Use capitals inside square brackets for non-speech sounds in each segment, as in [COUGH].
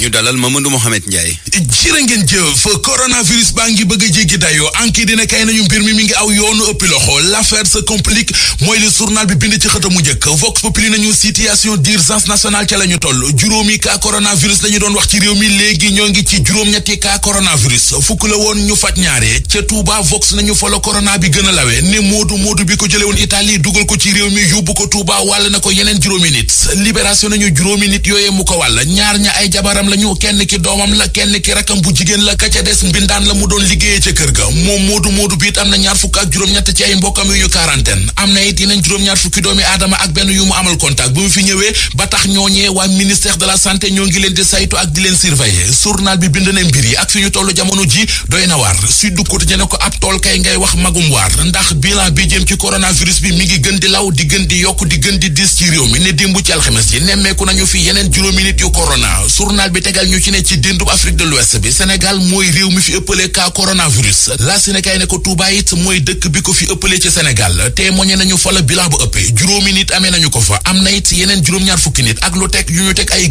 ñu dalal mën Mohamed Ndiaye jërë ngeen jëf coronavirus baa ngi bëgg a jéggi dayoo anki dina kay nañu mbir mi mi ngi aw yoonu ëppi loxo l'affaire se complique mooy li journal bi bind ci xëtam mu njëkk Vox Populi nañu situation d'urgence nationale ca la ñu toll juróomi cas coronavirus lañu doon wax ci réew mi léegi ñoo ngi ci juróom-ñetti cas coronavirus fukk la woon ñu faj ñaare ca Touba Vox nañu fa la corona bi gën a lawe ne moodu moodu bi ko jële woon Italie dugal ko ci réew mi ko Touba wàll na ko yeneen juróomi nit libération nañu juróomi nit yooyee mu ko wàll ñaar ña ay jabaram la kenn ki doomam la kenn ki rakam bu jigéen la ka ca des mbindaan la mu doon liggéeyee ca kër ga moom moodu moodu biit am na ñaar fukk ak juróom-ñett ci ay mbokkam yu ñu quarantaine am na it yeneen juróom-ñaar fukki doomi aadama ak benn yu mu amal contact bu mu fi de la santé ñoo ngi leen di saytu ak di leen surveiller journal bi bind na mbir yi ak jamono ji doy na waar Sud Quotidien ne ko ab tool kay ngay wax magum waar ndax bilan bi jëm ci coronavirus bi mi ngi gën di law di gën di yokk di gën di dis ci réew mi ne démb ci alxames ji nemmeeku nañu fi yeneen juróomi nit yu corona journal bi bi tegal ñu ci ne ci déndub Afrique de l'Ouest bi Sénégal mooy réew mi fi ëppale cas coronavirus la Sénégal ne ko Touba it mooy bi ko fi ëppale ci Sénégal témoigné nañu fa la bilan bu ëppee ko fa am na it yeneen juróom-ñaar fukki nit ak lu teg yu ñu teg ay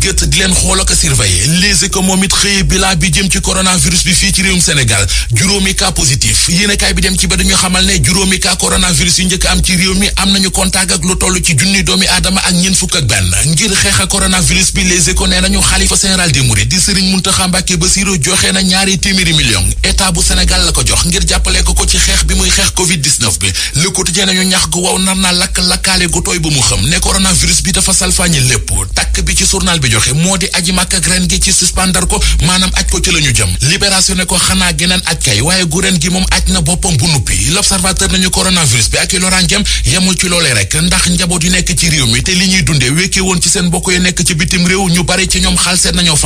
bi fii ci réewum Sénégal juróomi cas positif yéenekaay bi dem ci ba dañu xamal ne juróomi yu njëkk am ci réew mi am nañu contact ak lu toll ci junni doomi aadama ak ñeent fukk ak benn ngir xeex ak coronavirus bi léegi ko nee nañu xalifa général des mourides di Serigne Mountakha Mbacké joxe na ñaari téeméeri million état bu Sénégal la ko jox ngir jàppale ko ci xeex bi muy xeex Covid 19 bi Le Quotidien nañu ñax gu waw nar naa lakk lakkaale gu tooy bu mu xam ne coronavirus bi dafa salfaañi lépp takk bi ci journal bi joxe moo di aji màkk ak ren gi ci suspendar ko maanaam aj ko ci ñu jëm libération ne ko xanaa geneen aj kay waaye gu ren gi moom aj na boppam bu nuppi l'observateur nañu coronavirus bi i loraangeem yemul ci loolee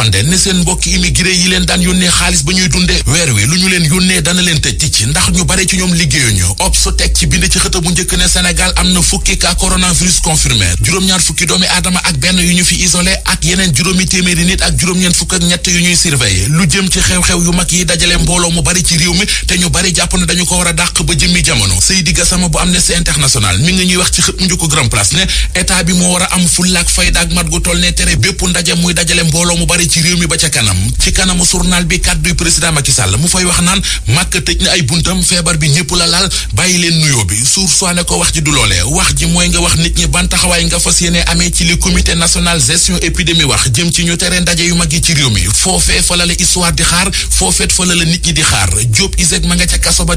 jàppande ne seen mbokki immigré yi leen daan yónnee xaalis ba ñuy dunde weer wi lu ñu leen yónnee dana leen tëj ci ndax ñu bare ci ñoom liggéeyuñu obs teg ci bind ci xëta bu njëkk ne Sénégal am na fukki cas coronavirus confirmé juróom-ñaar fukki doomi aadama ak benn yu ñu fi isolé ak yeneen juróomi téeméeri nit ak juróom-ñeent fukk ak ñett yu ñuy surveillé lu jëm ci xew-xew yu mag yi dajale mbooloo mu bari ci réew mi te ñu bari jàpp ne dañu ko war a dàq ba jëmmi jamono Seydi Gassama bu Amnesty International mi ngi ñuy wax ci xët mu bi moo a am fulla ak fayda ak mat gu toll ne tere bépp ndaje muy dajale mbooloo mu bari ci réew mi ba ca kanam ci kanamu journal bi kàdduy président Macky Sall mu fay wax naan màkk tëj na ay buntam feebar bi ñëpp la laal bàyyi leen nuyoo bi suur soine ko wax ji du loolee wax ji mooy nga wax nit ñi ban taxawaay nga fa yéene amee ci li comité national gestion épidémie wax jëm ci ñu tere ndaje yu mag yi ci réew mi foofee fa la histoire di xaar foofeet fa la nit ñi di xaar Diop Isaac ma nga ca kaso ba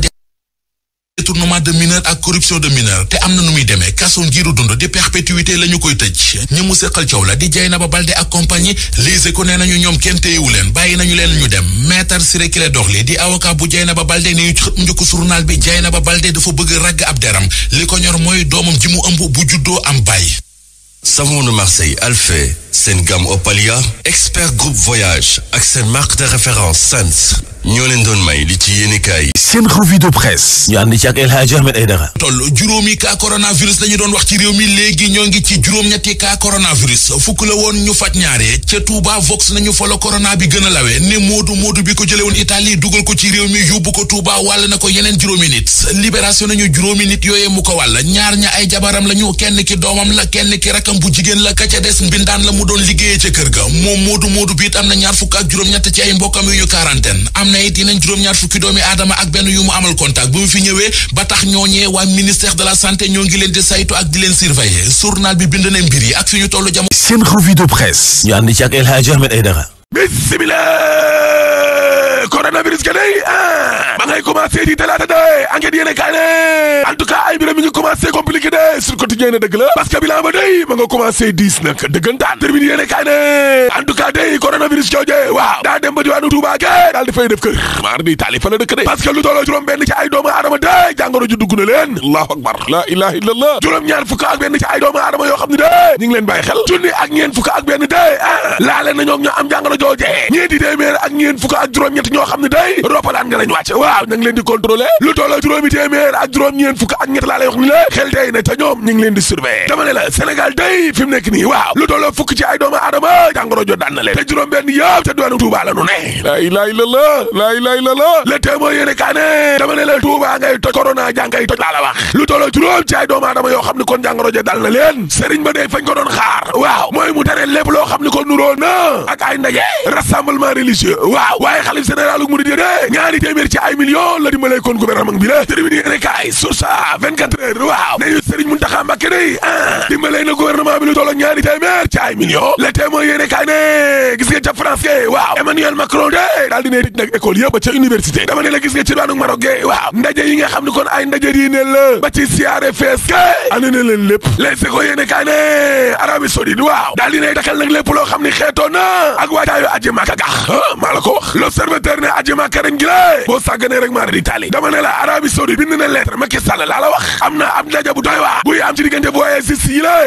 détournement de mineur ak corruption de mineur te am na nu muy demee kaso ngiru dund di perpétuité la ñu koy tëj ñi mu seqal coow la di jay na ba balde ak compagnie lise ko nee nañu ñoom kenn téyewu leen bàyyi nañu leen ñu dem maître Ciré Clédor Ly di avocat bu jay na ba balde ni xët njëkk journal bi jay na ba balde dafa bëgg ragg ab deram li ko ñor mooy doomam ji mu ëmb bu juddoo am bàyyi savon de Marseille Alphé seen gamme Opalia expert groupe voyage ak seen marque de référence ñoo leen doon may li ci yéenekaay seen revue de presse ñu ànd ci ak El Hadji Ahmed Aidara toll juróomi cas coronavirus lañu doon wax ci réew mi léegi ñoo ngi ci juróom-ñetti cas coronavirus fukk la woon ñu faj ñaare ca Touba Vox nañu fa la corona bi gën a lawe ne moodu moodu bi ko jële woon Italie dugal ko ci réew mi yóbbu ko Touba wàll na ko yeneen juróomi nit libération nañu juróomi nit yooyee mu ko wàll ñaar ña ay jabaram lañu kenn ki doomam la kenn ki rakam bu jigéen la ka la mu doon liggéeyee ca kër ga moom moodu moodu am na ñaar fukk ak juróom-ñett ci ay mbokkam yu ñu ne it yeneen juróom-ñaar fukki doomi aadama ak benn yu mu amal contact bu mu fi ñëwee ba tax ñooñee waa ministère de la santé ñoo ngi leen di saytu ak di leen surveiller journal bi bind na mbir yi ak fi ñu tollu jamono. seen revue de presse. ñu ànd ci ak El Hadji Ahmed Aidara. bismillah coronavirus ga day ah ngay commencé di talaata day enquête yéene kaa ne en ay mbiram mi ngi commencé compliqué de sur quotidien ne dëgg la parce que bilan ba day ma nga commencé diis nag dëggantaan termine yéene kaa ne en tout cas day coronavirus jooje waaw daa dem ba diwaanu Touba ke daal dafay def kër maar di taali fa la dëkk de parce que lu tolloo juróom benn ci ay doomu aadama day jàngoro ju dugg allahu akbar la ilaha illallah juróom ay doomu yoo xam ne ngi leen bàyyi xel junni ak ah. am jàngoro jamono joojee ñeenti téeméer ak ñeent fukk ak juróom-ñett ñoo xam ne day roppalaan nga lañ wàcc waaw na ngi leen di contrôler lu tolloo juróomi téeméer ak juróom-ñeent fukk ak ñett laa ni la xel tey ne ca ñoom ñu ngi dama ne la Sénégal day fi nekk nii waaw lu tolloo fukk ci ay doomu aadama jàngoro jo na leen te juróom benn kaane dama ne la Touba ngay toj corona jàngay toj laa la wax lu tolloo juróom ci ay doomu aadama yoo xam ne kon jàngoro jo ko doon xaar rassemblement religieux waaw waaye xalif général u murid de ñaari téeméer ci ay millions la dimbalee kon gouvernement bi la terminé yéene kaay sursa 24 heures waaw nañu Serigne Mountakha Mbacké day ah dimbalee na gouvernement bi lu tollo ñaari téeméer ci ay millions le témoin yéene kaay ne gis nga France ge waaw Emmanuel Macron de daal dinay tëj nag école yëpp ba ca université dama ne la gis ci daanu Maroc ge waaw ndaje yi nga xam ne kon ay ndaje taxawaayu aji màkka ga ah, maa la ko wax l'observateur ne aji màkka ren gi la boo sàgganee rek maa di taali dama ne la Arabie Saoudite bind na lettre Macky Sall laa la wax am na ab ndaje bu doy waa buy am ci diggante bu waaye sis yi la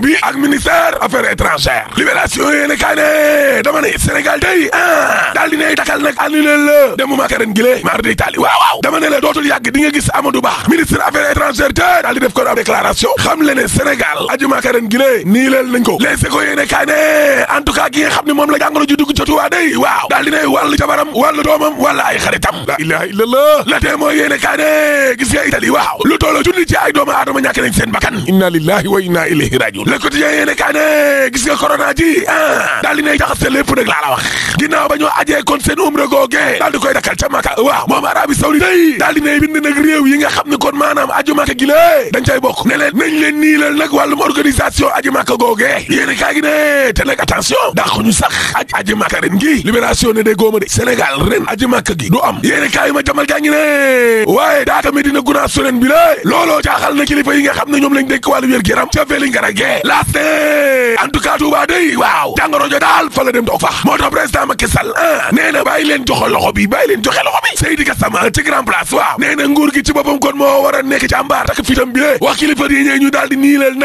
bi ak ministère affaires étrangères libération yéene kaay ne Sénégal tey ah daal dinay dakal nag annulé la demu màkka ren gi la maa di taali waaw waaw dama dootul yàgg di nga gis Amadou Ba ministre affaires étrangères te daal di def ko ab déclaration xam le ne Sénégal aji jàngoro ju dugg jotuwaa day waaw daal dinay wàllu jabaram wàllu doomam wala ay xaritam la ilaha illallah la tee mooy yéene kaa ne gis nga Italie waaw lu tolloo junni ci ay doomu aadama ñàkk nañ seen inna lillahi wa inna ilayhi rajiun le quotidien yéene kaa ne gis nga corona ji ah daal dinay jaxase nag laa la wax ginnaaw ba ñoo ajee kon seen umra googee daal di koy dakkal ca Maka waaw moom Arabie Saoudite day daal dinay bind nag réew yi nga xam ne kon maanaam aju Maka gi lée bokk ne leen nañ leen niilal nag Maka googee yéene kaa gi ne te nag attention dàqu aj aji màkka ren ngi libération ne day góoma de sénégal ren aji màkka gi du am yéene kaay ma jamal jaa ngi ne waaye daata Medina Gunaas Sunen bi la looloo jaaxal na kilifa yi nga xam ne ñoom lañ dénk wàllu wér yaram ca Vélingara gee laas ne en tout cas Touba day waaw jàngoro daal fa dem toog fax moo tax président Macky Sall ah nee na bàyyi joxe loxo bi bàyyi leen joxe loxo bi Seydi Gassama ci grand place waaw nee na nguur gi ci boppam kon moo war a nekk jàmbaar tak fitam di niilal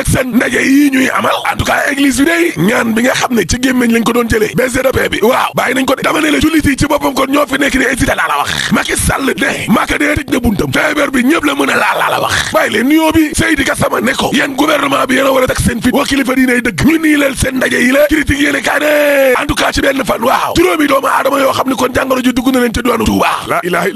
tout cas église bi day nga xam ne ci gémmiñ lañ ko doon jëlee baisse de paix bi waaw bàyyi nañ ko de dama ne la ci boppam kon ñoo fi nekk di hésité laa la wax Macky Sall ne Macky dee tëj na buntam feebar bi ñëpp la mën a laa laa la wax bàyyi leen nuyoo Seydi Gassama ne ko yéen gouvernement bi yéen war a teg seen fit waa kilifa diine dëgg ñu nii seen ndaje yi la critique yéene kaa ci benn fan waaw juróomi doomu aadama yoo xam ne kon jàngoro ji dugg na leen ca diwaanu laa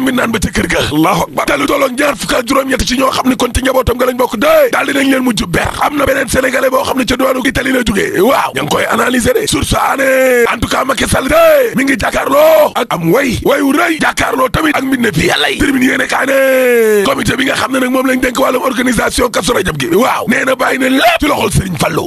la wax doy allahu akbar te lu tolloog ñaar fukk ak juróom-ñett ci ñoo xam ne kon ci njabootam bokk dee daal dinañ leen mujj beex am na beneen sénégalais boo xam ne ca diwaanu Italie la jógee waaw ña koy analyser de source ané en tout cas Macky Sall mi ngi jàkkaarloo ak am way wayu rëy jàkkaarloo tamit ak mbir fi yàlla yi termine kaa ne comité bi nga xam ne nag moom lañ dénk wàllum organisation Kazu Rajab gi waaw nee na bàyyi na lépp ci loxol Serigne Fallou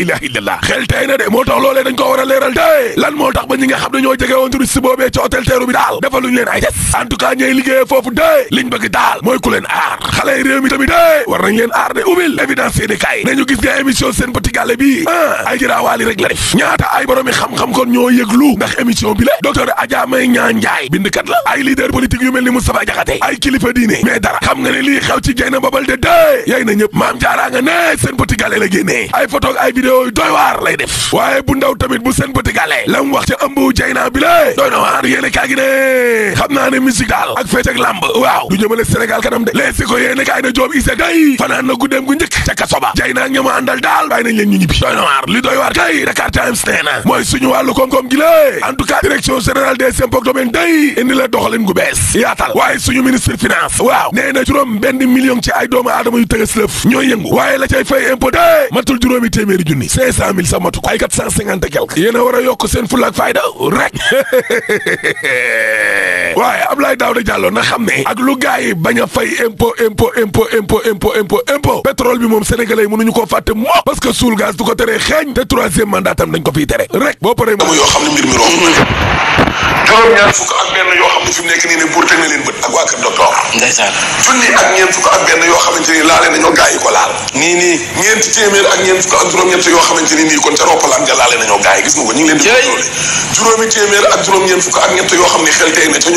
ilaha illallah xel tey na de moo tax loolee dañ ko war a leeral tey lan moo tax ba ñi nga xam ne ñoo jege woon touriste boobee ci hôtel teeru bi daal dafa leen ay des en tout cas foofu dee liñ bëgg daal mooy ku leen aar xale yi réew mi tamit dee war nañ leen aar de ubil évidence yéene kaay nañu gis nga émission seen petit bi ah ay jiraawaali rek la def ñaata ay boroomi xam-xam kon ñoo yëglu ndax émission bi la docteur Adja May Ñaan Njaay bindkat la la ay photo yooyu doy waar lay def waaye bu ndaw tamit bu seen bëti gàlle la mu wax ci ëmb jay naa bi la doy na waar yéene kaa gi ne xam naa ne musique daal ak fecc ak làmb waaw du jëmale Sénégal kanam de leesi ko yéene kaay na joob day fanaan na guddeem gu njëkk ca kaso ba jay naa daal bàyyi nañ ñu ñibbi doy na waar li doy Times nee na mooy suñu wàllu koom gi la en tout cas direction générale des day indi la doxalin gu bees yaatal waaye suñu junni cinq cent sa matu ko ay quatre cent cinquante quelque yéen a war a yokk seen fulla ak fayda rek [LAUGHS] waaye Abdoulaye Daouda Diallo na xam ne ak lu gars yi bañ a fay impôt impôt impôt impôt impôt impôt impôt pétrole bi moom sénégalais yi mënuñu koo fàtte moo parce que suul gaz du ko teree xeeñ te troisième mandat tam dañ ko fiy tere rek boo paree moom yoo xam ne mbir mi romb na juróom-ñaar fukk ak benn yoo xam ne fi mu nekk nii ne buur teg leen bët ak yoo xamante ni nii kon ca roppalaan ja yi gis nga ko ñu ngi leen di juróomi xam ne xel tey